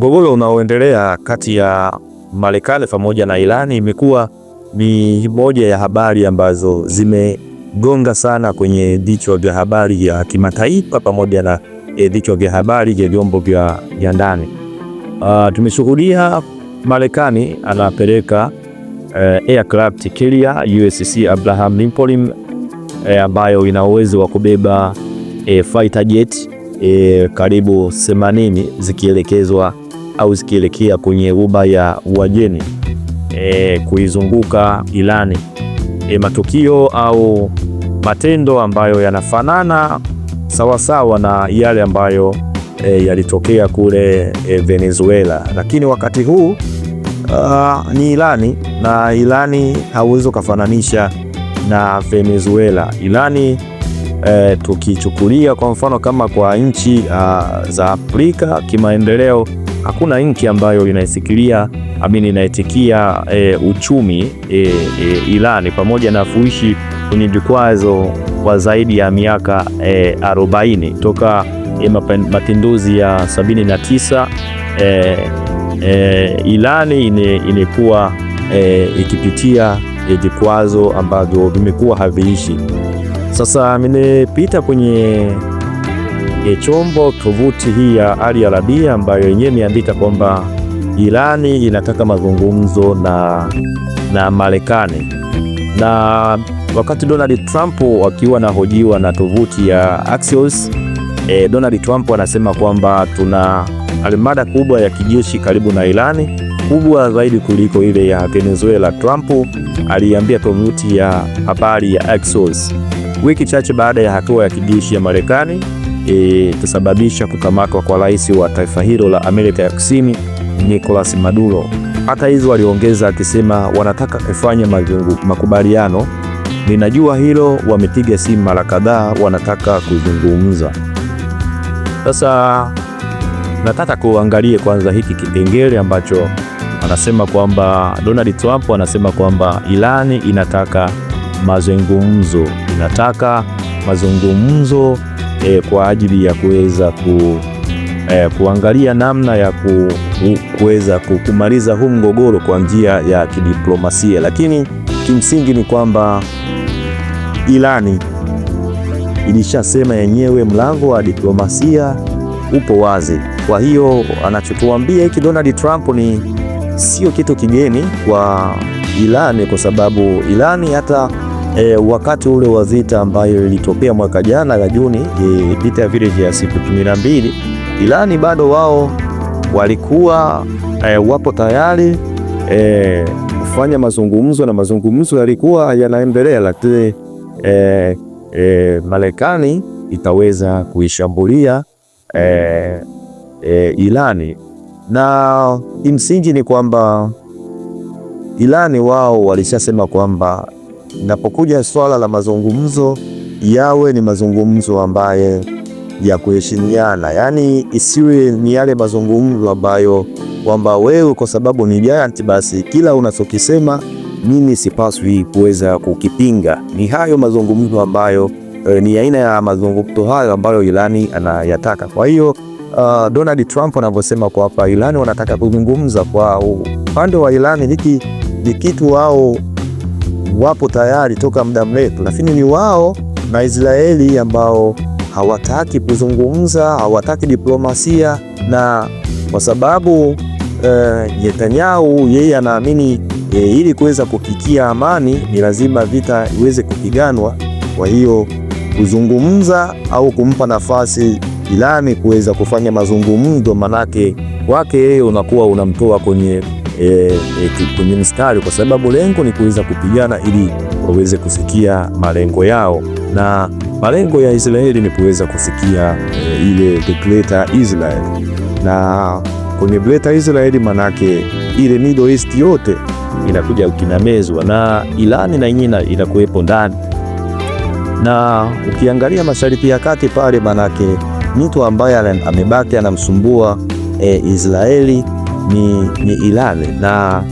Mgogoro unaoendelea kati ya Marekani pamoja na Irani imekuwa ni moja ya habari ambazo zimegonga sana kwenye vichwa vya habari vya kimataifa pamoja na eh, vichwa vya habari vya vyombo vya ndani. Uh, tumeshuhudia Marekani anapeleka uh, aircraft carrier USS Abraham Lincoln uh, ambayo ina uwezo wa kubeba uh, fighter jet uh, karibu 80 zikielekezwa au zikielekea kwenye uba ya wajeni e, kuizunguka Irani. E, matukio au matendo ambayo yanafanana sawasawa na yale ambayo e, yalitokea kule e, Venezuela, lakini wakati huu uh, ni Irani na Irani hauwezi ukafananisha na Venezuela. Irani e, tukichukulia kwa mfano kama kwa nchi uh, za Afrika kimaendeleo Hakuna nchi ambayo inaisikilia amini inaitikia e, uchumi e, eh, e, eh, Irani pamoja na kuishi kwenye vikwazo kwa zaidi ya miaka e, 40 toka e, mapinduzi ya 79 e, e, Irani imekuwa e, ikipitia vikwazo e, ambavyo vimekuwa haviishi. Sasa nimepita kwenye e, chombo tovuti hii ya Ali arabia ambayo yenyewe imeandika kwamba Irani inataka mazungumzo na, na Marekani na wakati Donald Trump akiwa nahojiwa na tovuti ya Axios e, Donald Trump anasema kwamba tuna almada kubwa ya kijeshi karibu na Irani kubwa zaidi kuliko ile ya Venezuela. Trump aliambia tovuti ya habari ya Axios wiki chache baada ya hatua ya kijeshi ya Marekani itasababisha kukamatwa kwa rais wa taifa hilo la Amerika ya Kusini Nicolas Maduro. Hata hizo waliongeza akisema wanataka kufanya makubaliano. Ninajua hilo, wamepiga simu mara kadhaa, wanataka kuzungumza. Sasa nataka kuangalie kwanza hiki kipengele ambacho anasema kwamba Donald Trump anasema kwamba ilani inataka mazungumzo, inataka mazungumzo e, kwa ajili ya kuweza ku, e, kuangalia namna ya ku, kuweza kumaliza huu mgogoro kwa njia ya kidiplomasia, lakini kimsingi ni kwamba Irani ilishasema yenyewe mlango wa diplomasia upo wazi. Kwa hiyo anachotuambia hiki Donald Trump ni sio kitu kigeni kwa Irani, kwa sababu Irani hata e, wakati ule wa vita ambayo ilitokea mwaka jana la Juni e, vita vile ya siku 12, Irani bado wao walikuwa e, wapo tayari e, kufanya mazungumzo na mazungumzo yalikuwa yanaendelea, lakini e, e, Marekani itaweza kuishambulia e, e, Irani na kimsingi ni kwamba Irani wao walishasema kwamba Napokuja swala la mazungumzo, yawe ni mazungumzo ambaye ya kuheshimiana, yaani isiwe ni yale mazungumzo ambayo kwamba wewe kwa sababu ni giant basi kila unachokisema mimi sipaswi kuweza kukipinga. Ni hayo mazungumzo ambayo e, ni aina ya mazungumzo hayo ambayo Irani anayataka. Kwa hiyo uh, Donald Trump anavyosema hapa, Irani wanataka kuzungumza kwa upande wa Irani, hiki ni kitu wao wapo tayari toka muda mrefu, lakini ni wao na Israeli ambao hawataki kuzungumza, hawataki diplomasia, na kwa sababu eh, Netanyahu yeye anaamini eh, ili kuweza kufikia amani ni lazima vita iweze kupiganwa. Kwa hiyo kuzungumza au kumpa nafasi Irani kuweza kufanya mazungumzo, manake wake yeye unakuwa unamtoa kwenye e, e, kwenye mstari, kwa sababu lengo ni kuweza kupigana ili waweze kufikia malengo yao, na malengo ya Israeli ni kuweza kufikia e, ile the greater Israel, na kwenye greater Israeli manake ile Middle East yote inakuja ukinamezwa na Irani na yenyewe inakuwepo ndani, na ukiangalia mashariki ya kati pale, manake mtu ambaye amebaki anamsumbua e, Israeli ni, ni ilani na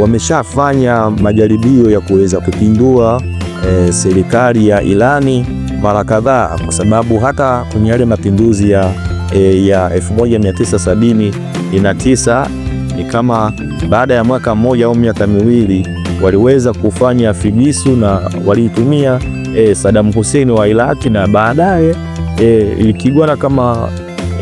wameshafanya majaribio ya kuweza kupindua e, serikali ya Irani mara kadhaa, kwa sababu hata kwenye yale mapinduzi ya e, ya 1979 ni kama baada ya mwaka mmoja au miaka miwili waliweza kufanya figisu na waliitumia e, Saddam Hussein wa Iraki na baadaye e, ilikigwana kama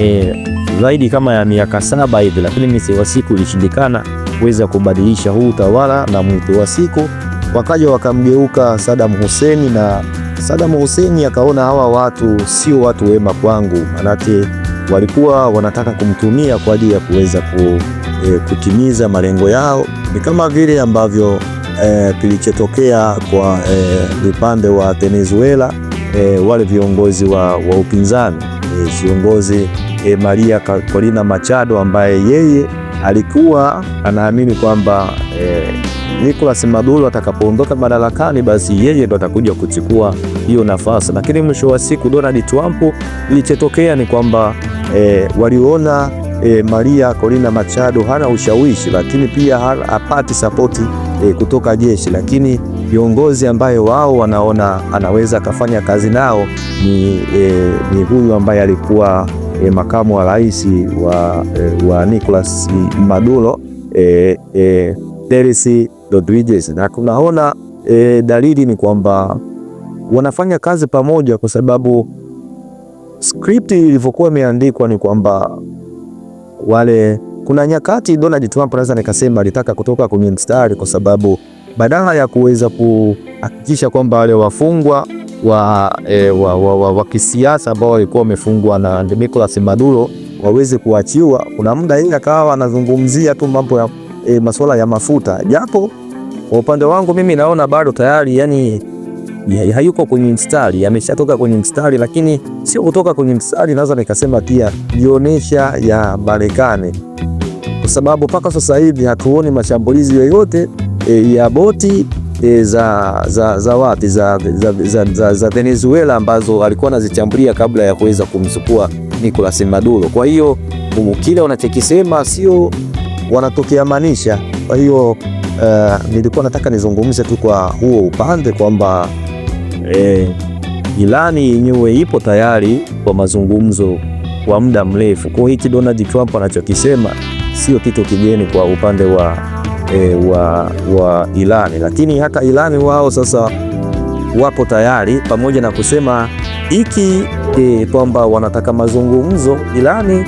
e, zaidi kama ya miaka saba hivi, lakini mwisho wa siku ilishindikana kuweza kubadilisha huu utawala, na mwisho wa siku wakaja wakamgeuka Saddam Hussein, na Saddam Hussein akaona hawa watu sio watu wema kwangu, manake walikuwa wanataka kumtumia kwa ajili ya kuweza ku, e, kutimiza malengo yao. Ni kama vile ambavyo e, kilichotokea kwa e, eh, upande wa Venezuela e, wale viongozi wa, wa upinzani Eh, viongozi e, Maria Corina Machado ambaye yeye alikuwa anaamini kwamba e, Nicolas Maduro atakapoondoka madarakani basi yeye ndo atakuja kuchukua hiyo nafasi, lakini mwisho wa siku Donald Trump, ilichotokea ni kwamba e, waliona e, Maria Corina Machado hana ushawishi, lakini pia hapati sapoti e, kutoka jeshi, lakini viongozi ambayo wao wanaona anaweza akafanya kazi nao ni, e, ni huyu ambaye alikuwa e, makamu wa rais wa, e, wa Nicolas Maduro e, e, Delcy Rodriguez na kunaona e, dalili ni kwamba wanafanya kazi pamoja, kwa sababu script ilivyokuwa imeandikwa ni kwamba wale, kuna nyakati Donald Trump anaweza nikasema alitaka kutoka kwenye mstari kwa sababu badala ya kuweza kuhakikisha kwamba wale wafungwa wa, e, wa, wa, wa, wa kisiasa ambao walikuwa wamefungwa na Nicolas Maduro waweze kuachiwa. Kuna muda ile akawa anazungumzia tu mambo ya e, masuala ya mafuta, japo kwa upande wangu mimi naona bado tayari yani ya, hayuko kwenye mstari, ameshatoka kwenye mstari, lakini sio kutoka kwenye mstari, naweza nikasema pia jionesha ya Marekani, kwa sababu mpaka sasa hivi hatuoni mashambulizi yoyote e, ya boti e, za, za, za wati za, za, za, za, za Venezuela ambazo alikuwa anazichambulia kabla ya kuweza kumchukua Nicolas Maduro. Kwa hiyo kile wanachokisema sio wanatokea manisha Kwa hiyo uh, nilikuwa nataka nizungumze tu kwa huo upande kwamba eh, ilani yenyewe ipo tayari kwa mazungumzo kwa muda mrefu. Kwa hiyo hiki Donald Trump anachokisema sio kitu kigeni kwa upande wa e, wa, wa Irani, lakini hata Irani wao sasa wapo tayari pamoja na kusema hiki e, eh, kwamba wanataka mazungumzo. Irani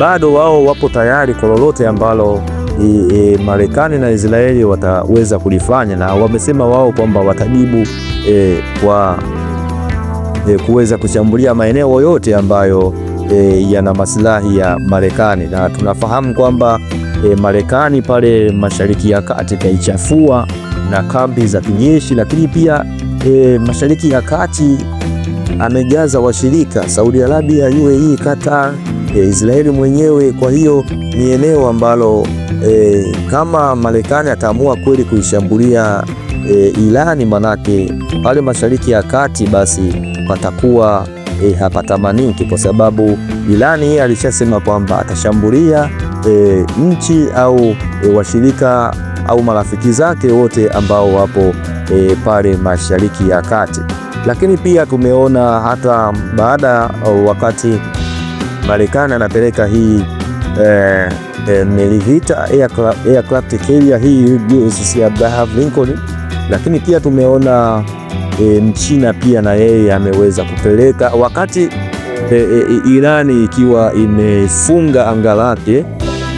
bado wao wapo tayari kwa lolote ambalo e, e, Marekani na Israeli wataweza kulifanya, na wamesema wao kwamba watajibu e, kwa e, kuweza kushambulia maeneo yote ambayo e, yana maslahi ya Marekani, na tunafahamu kwamba e, Marekani pale Mashariki ya Kati kaichafua na kambi za kijeshi, lakini pia e, Mashariki ya Kati amejaza washirika Saudi Arabia, UAE, Qatar, e, Israeli mwenyewe. Kwa hiyo ni eneo ambalo e, kama Marekani ataamua kweli kuishambulia e, Irani, manake pale Mashariki ya Kati basi patakuwa e, hapatamaniki kwa sababu Irani alishasema kwamba atashambulia e, nchi au e, washirika au marafiki zake wote ambao wapo e, pale Mashariki ya Kati. Lakini pia tumeona hata baada wakati Marekani anapeleka hii e, e, meli vita aircraft carrier hii USS Abraham Lincoln, lakini pia tumeona e, Mchina pia na yeye ameweza kupeleka wakati e, e, e Irani ikiwa imefunga anga lake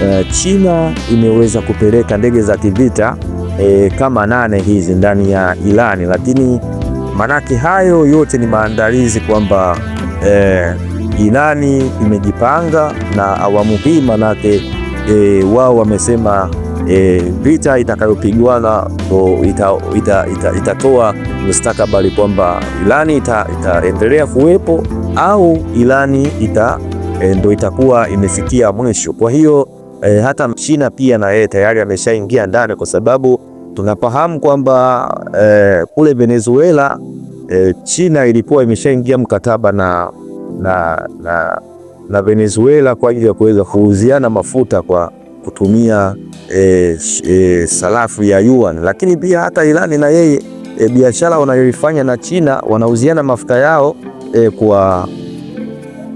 e, China imeweza kupeleka ndege za kivita e, kama nane hizi ndani ya Irani, lakini manake hayo yote ni maandalizi kwamba e, Irani imejipanga na awamu hii manake e, wao wamesema e, vita itakayopigwana itatoa ita, ita, ita mustakabali kwamba ilani itaendelea ita kuwepo au ilani ita, e, ndo itakuwa imefikia mwisho. Kwa hiyo e, hata china pia na yeye tayari ameshaingia ndani kwa sababu tunafahamu kwamba e, kule Venezuela e, China ilikuwa imeshaingia mkataba na, na, na, na Venezuela kwa ajili ya kuweza kuuziana mafuta kwa kutumia e, e, sarafu ya yuan, lakini pia hata Irani na yeye e, biashara wanayoifanya na China wanauziana mafuta yao e, kwa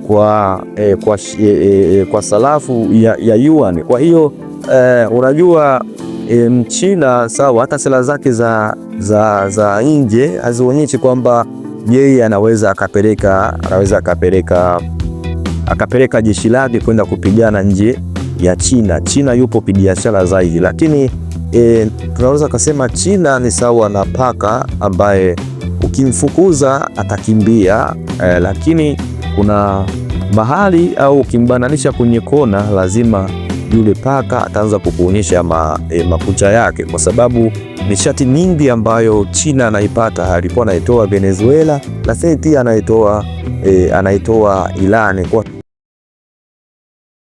kwa, e, kwa, e, e, e, kwa sarafu ya, ya yuan. Kwa hiyo e, unajua e, Mchina sawa, hata sera zake za, za, za nje hazionyeshi kwamba yeye anaweza akapeleka anaweza akapeleka akapeleka jeshi lake kwenda kupigana nje ya China. China yupo kibiashara zaidi, lakini e, tunaweza kusema China ni sawa na paka ambaye ukimfukuza atakimbia e, lakini kuna mahali au ukimbananisha kwenye kona, lazima yule paka ataanza kukuonyesha ma, e, makucha yake, kwa sababu nishati nyingi ambayo China anaipata alikuwa anaitoa Venezuela, lakini pia anaitoa e, anaitoa Irani kwa